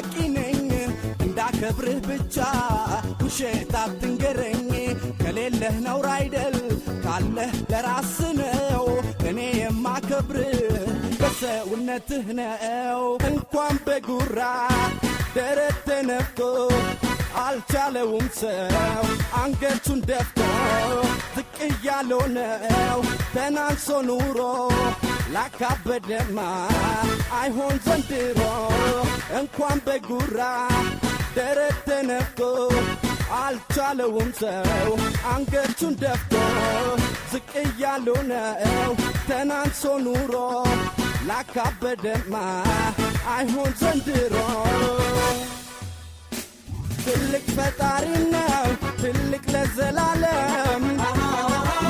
አዋቂ ነኝ እንዳከብርህ ብቻ ውሸት አትንገረኝ። ከሌለህ ነውር አይደል ካለህ ለራስ ነው። እኔ የማከብርህ በሰውነትህ ነው። እንኳን በጉራ ደረት ተነፍቶ አልቻለውም ሰው አንገቱን ደፍቶ ዝቅ እያለው ነው ተናንሶ ኑሮ ላካበደማ አይሆን ዘንድሮ እንኳን በጉራ ደረት ተነፍቶ አልቻለውም ሰው አንገቱን ደፍቶ ዝቅ እያለው ነው ተናንሶ ኑሮ ላካበደማ አይሆን ዘንድሮ ትልቅ ፈጣሪ ነው ትልቅ ለዘላለም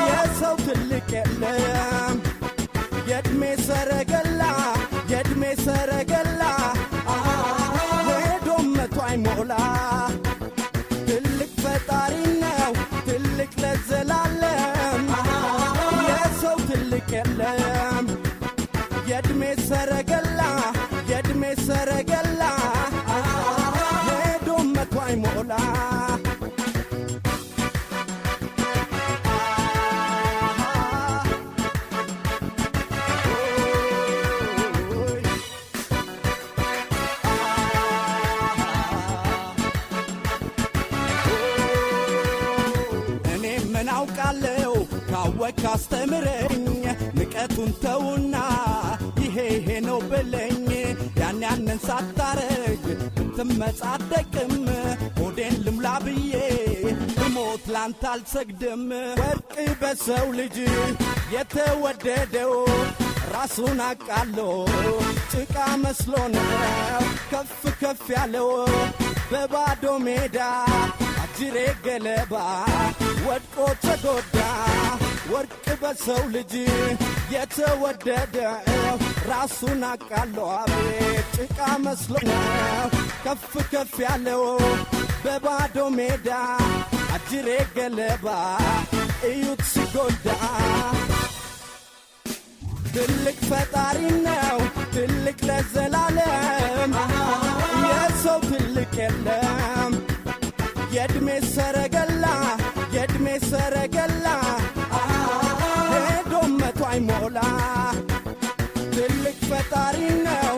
የሰው ትልቅ የለም የእድሜ ሰረገላ የእድሜ ሰረገላ ሄዶም መቶ አይሞላ ትልቅ ፈጣሪ ነው ትልቅ ለዘላለም የሰው ትልቅ የለም የእድሜ ሰረገላ የእድሜ ሰረገላ አውቃለው ካወቅ አስተምረኝ ንቀቱን ተውና ይሄ ይሄ ነው ብለኝ ያን ያንን ሳታረግ ትመጻደቅም ሆዴን ልምላ ብዬ ብሞት ላንተ አልሰግድም ወርቅ በሰው ልጅ የተወደደው ራሱን አቃሎ ጭቃ መስሎ ነው ከፍ ከፍ ያለው በባዶ ሜዳ አጅሬ ገለባ ወድ ተጎዳ ወርቅ በሰው ልጅ የተወደደ ራሱን አቃሎ አቤት ጭቃ መስሎ ከፍ ከፍ ያለው በባዶ ሜዳ አጅሬ ገለባ እዩት ሲጎዳ ትልቅ ፈጣሪ ነው ትልቅ ለዘላለም የሰው ትልቅ የለም የእድሜ ሰረገላ የእድሜ ሰረገላ ሄዶም መቶ አይሞላ ትልቅ ፈጣሪ ነው።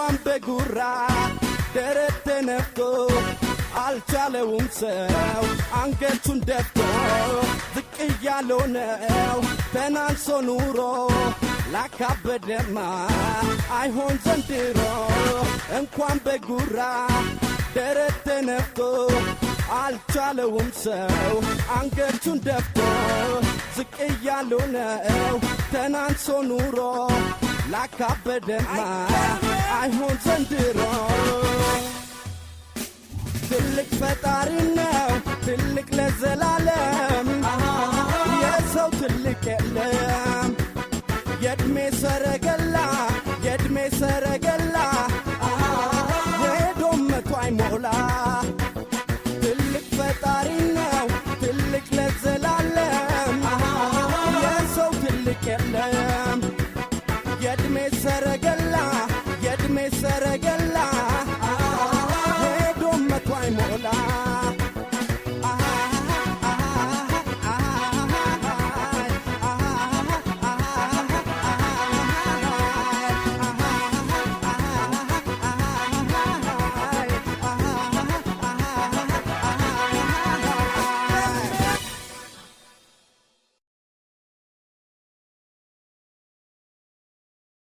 እንኳን በጉራ ደረት ተነፍቶ አልቻለውም ሰው አንገቱን ደፍቶ ዝቅ እያለው ነው ተናንሶ ኑሮ ላካበደማ አይሆን ዘንድሮ እንኳን በጉራ ደረት ተነፍቶ አልቻለውም ሰው አንገቱን ደፍቶ ዝቅ እያሉ ነው ተናንሶ ኑሮ ላካበደማ አይሆን ዘንድሮ ትልቅ ፈጣሪ ነው ትልቅ ለዘላለም የሰው ትልቅ የለም የእድሜ ሰረገ